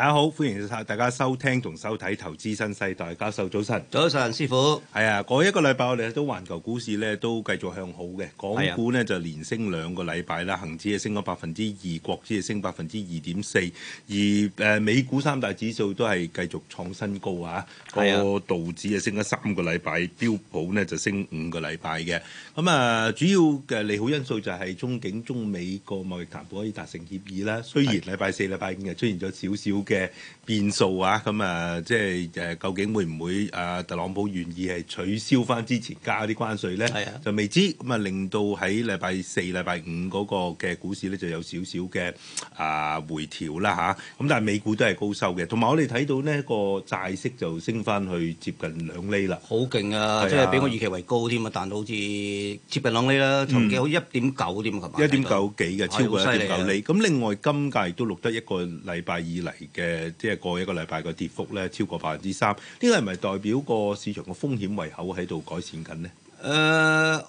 大家好，歡迎晒大家收聽同收睇《投資新世代》。教授早晨，早晨，師傅係啊，嗰一個禮拜我哋都環球股市咧都繼續向好嘅，港股呢、啊、就連升兩個禮拜啦，恒指啊升咗百分之二，國指啊升百分之二點四，而誒、呃、美股三大指數都係繼續創新高啊，個、啊、道指啊升咗三個禮拜，標普呢就升五個禮拜嘅。咁啊，主要嘅利好因素就係中景中美個貿易談判可以達成協議啦。雖然禮拜是四、禮拜五又出現咗少少，少。嘅變數啊，咁啊，即係誒，究竟會唔會啊，特朗普願意係取消翻之前加啲關稅咧？就未知咁啊，令到喺禮拜四、禮拜五嗰個嘅股市咧就有少少嘅啊回調啦嚇。咁但係美股都係高收嘅，同埋我哋睇到呢個債息就升翻去接近兩厘啦，好勁啊！即係比我預期為高添啊，但係好似接近兩厘啦，曾經好似一點九點係嘛，一點九幾嘅，超過一點九厘。咁另外金價亦都錄得一個禮拜以嚟。嘅即係過一個禮拜個跌幅咧超過百分之三，呢個係咪代表個市場個風險胃口喺度改善緊呢？誒、呃，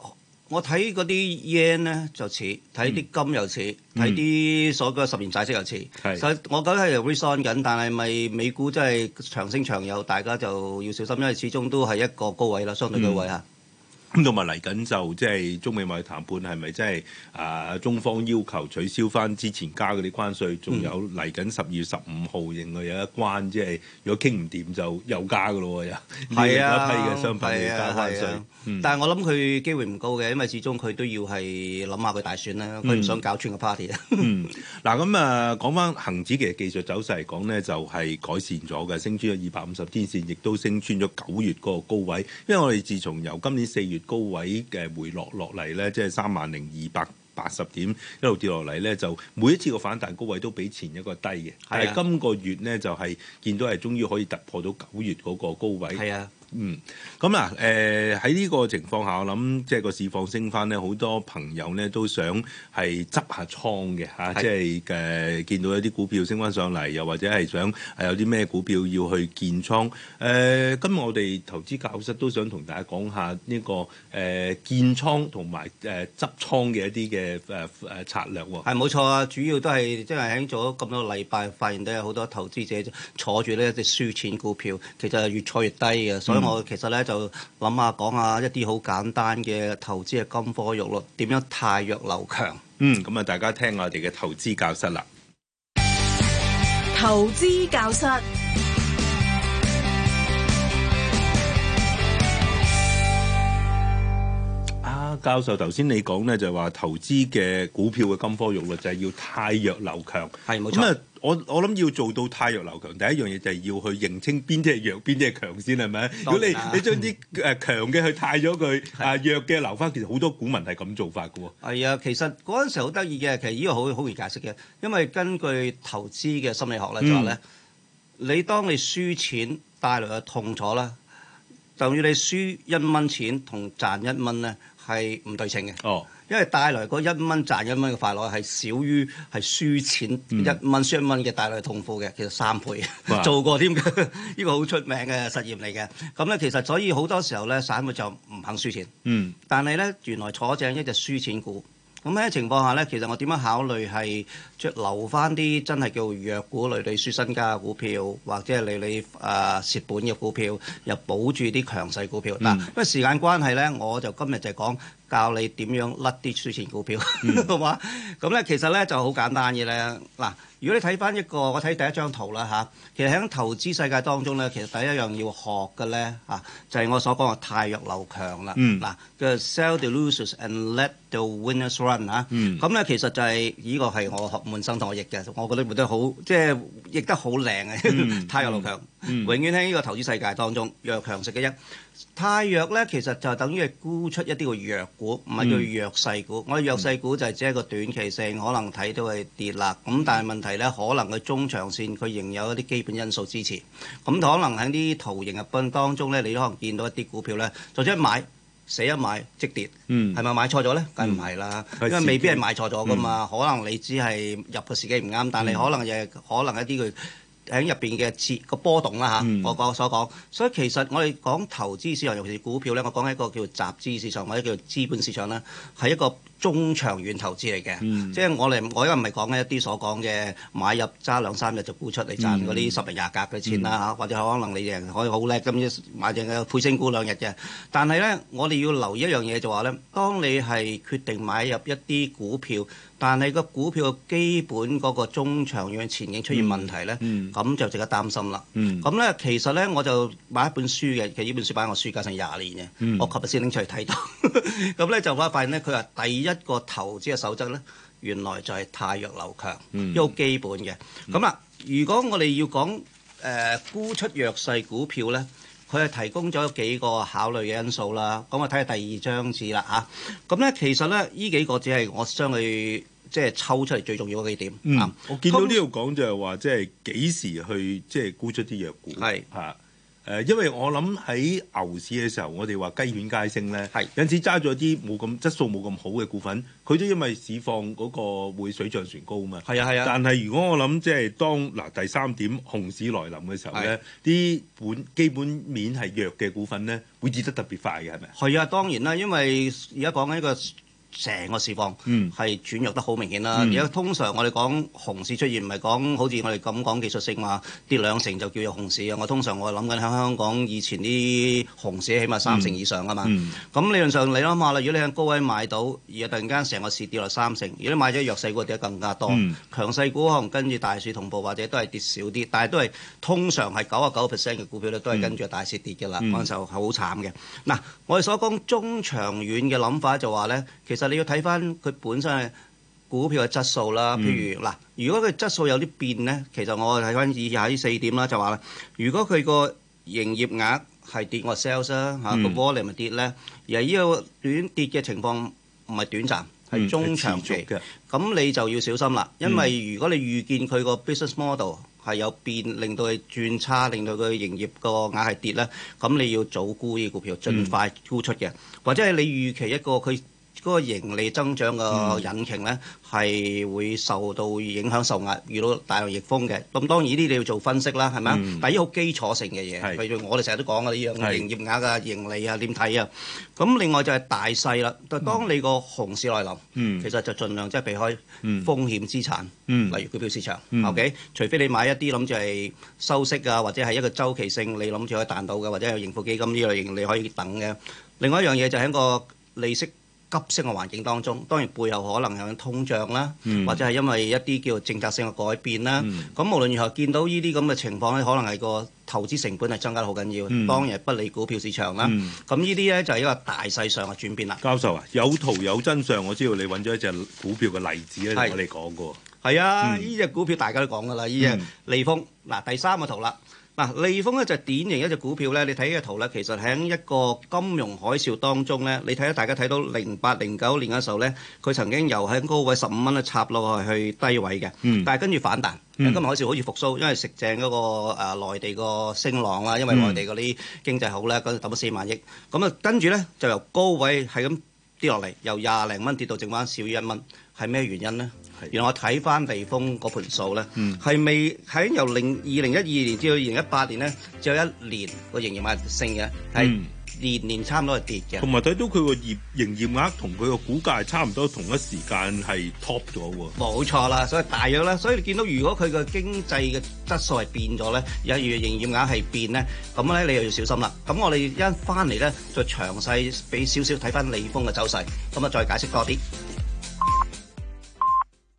我睇嗰啲 yen 咧就似，睇啲金又似，睇啲、嗯、所謂十年債息又似。係是，我覺得係有 reason 緊，但係咪美股真係長升長有，大家就要小心，因為始終都係一個高位啦，相對高位啊。嗯。咁同埋嚟緊就即係中美貿易談判係咪即係啊，中方要求取消翻之前加嗰啲關稅，仲有嚟緊十二月十五號認為有一關，嗯、即係如果傾唔掂就又加噶咯又呢一批嘅商品、啊啊嗯、但係我諗佢機會唔高嘅，因為始終佢都要係諗下佢大選啦，佢唔想搞穿個 party、嗯。嗱咁、 嗯、啊，講翻恒指嘅技術走勢嚟講呢，就係、是、改善咗嘅，升穿咗二百五十天線，亦都升穿咗九月嗰個高位。因為我哋自從由今年四月高位嘅回落落嚟咧，即係三萬零二百八十點一路跌落嚟咧，就每一次個反彈高位都比前一個低嘅。但係的今個月咧就係、是、見到係終於可以突破到九月嗰個高位。係啊。嗯，咁嗱，誒喺呢個情況下，我諗即係個市況升翻咧，好多朋友咧都想係執下倉嘅吓，是即係誒、呃、見到一啲股票升翻上嚟，又或者係想係有啲咩股票要去建倉。誒、呃，今日我哋投資教室都想同大家講下呢、這個誒、呃、建倉同埋誒執倉嘅一啲嘅誒誒策略喎、啊。係冇錯啊，主要都係即係喺咗咁多禮拜，發現都有好多投資者坐住呢一隻輸錢股票，其實係越坐越低嘅，所以。嗯，我其實咧就諗下講下一啲好簡單嘅投資嘅金科玉律，點樣汰弱留強？嗯，咁啊，大家聽聽我哋嘅投資教室啦。投資教室。教授，頭先你講咧就係、是、話投資嘅股票嘅金科玉律就係要汰弱留強，係冇錯咁啊！我我諗要做到汰弱留強，第一樣嘢就係要去認清邊啲係弱，邊啲係強先係咪？啊、如果你你將啲誒強嘅去汰咗佢，嗯、啊弱嘅留返，其實好多股民係咁做法嘅喎。係啊，其實嗰陣時好得意嘅，其實呢個好好易解釋嘅，因為根據投資嘅心理學咧，就話咧，你當你輸錢帶來嘅痛楚啦，就要你輸一蚊錢同賺一蚊咧，係唔對稱嘅，oh. 因為帶來嗰一蚊賺一蚊嘅快樂係少於係輸錢、mm. 一蚊、雙蚊嘅帶來痛苦嘅，其實三倍。做過添，呢個好出名嘅實驗嚟嘅。咁咧，其實所以好多時候咧，散戶就唔肯輸錢。嗯。Mm. 但係咧，原來坐正一隻輸錢股。咁喺情況下咧，嗯、其實我點樣考慮係即留翻啲真係叫弱股、累累輸身家嘅股票，或者係累你誒蝕、呃、本嘅股票，又保住啲強勢股票。嗱、嗯，因為時間關係咧，我就今日就講教你點樣甩啲輸錢股票，好嘛、嗯？咁咧、嗯啊，其實咧就好簡單嘅咧。嗱，如果你睇翻一個，我睇第一張圖啦吓、啊，其實喺投資世界當中咧，其實第一樣要學嘅咧嚇，就係、是、我所講嘅汰弱留強啦。嗱、嗯，叫 sell the losers and let 就 Winners Run 嚇、嗯，咁咧、嗯、其實就係呢個係我學滿生同我譯嘅，我覺得得好，即、就、係、是、譯得好靚嘅，汰 弱留強，嗯嗯、永遠喺呢個投資世界當中，弱強食嘅一汰弱咧，其實就等於係沽出一啲嘅弱股，唔係叫弱勢股。嗯、我哋弱勢股就係只係一個短期性，可能睇到係跌落，咁但係問題咧，可能佢中長線佢仍有一啲基本因素支持，咁可能喺啲圖形入邊當中咧，你都可能見到一啲股票咧，就算、是、買。死一買即跌，係咪、嗯、買錯咗咧？梗唔係啦，嗯、因為未必係買錯咗噶嘛，嗯、可能你只係入嘅時機唔啱，但係可能亦、嗯、可能一啲佢喺入邊嘅設個波動啦嚇。嗯、我講所講，所以其實我哋講投資市場，尤其是股票咧，我講緊一個叫集資市場或者叫做資本市場啦，係一個。中長遠投資嚟嘅，嗯、即係我哋我因為唔係講緊一啲所講嘅買入揸兩三日就沽出嚟賺嗰啲十釐廿格嘅錢啦，嗯、或者可能你贏可以好叻咁買正配升股兩日嘅。但係咧，我哋要留意一樣嘢就話、是、咧，當你係決定買入一啲股票，但係個股票嘅基本嗰個中長遠前景出現問題咧，咁、嗯、就值得擔心啦。咁咧、嗯、其實咧，我就買一本書嘅，其實呢本書擺我書架上廿年嘅，嗯、我琴日先拎出嚟睇到。咁 咧就我發現咧，佢話第一。一個投資嘅守則呢，原來就係汰弱留強，都、嗯、基本嘅。咁啊，如果我哋要講誒、呃、沽出弱勢股票呢，佢係提供咗幾個考慮嘅因素啦。咁我睇下第二張紙啦嚇。咁、啊、呢，其實呢，呢幾個只係我將佢即係抽出嚟最重要嘅幾點。嗯嗯、我見到呢度講就係話，即係幾時去即係、就是、沽出啲弱股。係嚇。誒，因為我諗喺牛市嘅時候，我哋話雞犬皆升咧，是有時揸咗啲冇咁質素冇咁好嘅股份，佢都因為市況嗰個會水漲船高啊嘛。係啊係啊。啊但係如果我諗即係當嗱、呃、第三點，熊市來臨嘅時候咧，啲是本基本面係弱嘅股份咧，會跌得特別快嘅係咪？係啊，當然啦，因為而家講緊一個。成個市況係轉弱得好明顯啦。而家、嗯、通常我哋講熊市出現，唔係講好似我哋咁講技術性嘛。跌兩成就叫做熊市啊！我通常我諗緊喺香港以前啲熊市，起碼三成以上啊嘛。咁理、嗯嗯、論上你諗下，如果你喺高位買到，而家突然間成個市跌落三成，如果你買咗弱勢股跌得更加多，嗯、強勢股可能跟住大市同步或者都係跌少啲，但係都係通常係九啊九 percent 嘅股票都係跟住大市跌嘅啦，嗯嗯、嗰時候係好慘嘅。嗱、啊，我哋所講中長遠嘅諗法就話呢。其就你要睇翻佢本身嘅股票嘅質素啦。譬如嗱、嗯，如果佢質素有啲變咧，其實我睇翻以下呢四點啦，就話啦，如果佢個營業額係跌 sales, S、嗯，我 sales 啦嚇、啊、個 volume 咪跌咧，而係呢個短跌嘅情況唔係短暫係中長期嘅，咁、嗯、你就要小心啦。因為如果你預見佢個 business model 係有變，令到佢轉差，令到佢營業個額係跌咧，咁你要早沽呢個股票，盡快沽出嘅，嗯、或者係你預期一個佢。嗰個盈利增長嘅引擎咧，係會受到影響受壓，遇到大量逆風嘅。咁當然呢啲你要做分析啦，係咪啊？但係呢好基礎性嘅嘢，譬如我哋成日都講嘅呢樣營業額啊、盈利啊點睇啊。咁另外就係大細啦。就當你個熊市來臨，其實就盡量即係避開風險資產，例如股票市場。O K。除非你買一啲諗住係收息啊，或者係一個週期性你諗住可以彈到嘅，或者係有盈富基金呢類型你可以等嘅。另外一樣嘢就係一個利息。急升嘅環境當中，當然背後可能有通脹啦，嗯、或者係因為一啲叫政策性嘅改變啦。咁、嗯、無論如何，見到呢啲咁嘅情況咧，可能係個投資成本係增加得好緊要。嗯、當然不利股票市場啦。咁呢啲咧就係一個大勢上嘅轉變啦。教授啊，有圖有真相，我知道你揾咗一隻股票嘅例子咧，是我哋講過。係啊，呢隻、嗯、股票大家都講㗎啦，呢隻、嗯、利豐嗱第三個圖啦。啊、利豐咧就係、典型一隻股票咧，你睇呢個圖咧，其實喺一個金融海嘯當中咧，你睇下大家睇到零八零九年嘅時候咧，佢曾經由喺高位十五蚊咧插落去低位嘅，嗯、但係跟住反彈，金融、嗯、海嘯好似復甦，因為食正嗰、嗰個誒內、呃、地個升浪啦，因為內地嗰啲經濟好咧，嗰啲抌咗四萬億，咁、嗯、啊、嗯、跟住咧就由高位係咁。跌落嚟由廿零蚊跌到剩翻少於一蚊，係咩原因咧？是原來我睇翻避風嗰盤數咧，係、嗯、未喺由零二零一二年至到二零一八年咧，只有一年個營業額升嘅，係。年年差唔多係跌嘅，同埋睇到佢個業營業額同佢個股價差唔多同一時間係 top 咗喎。冇錯啦，所以大約啦，所以你見到如果佢個經濟嘅質素係變咗咧，有業營業額係變咧，咁咧你又要小心啦。咁我哋一翻嚟咧，就詳細俾少少睇翻利豐嘅走勢，咁啊再解釋多啲。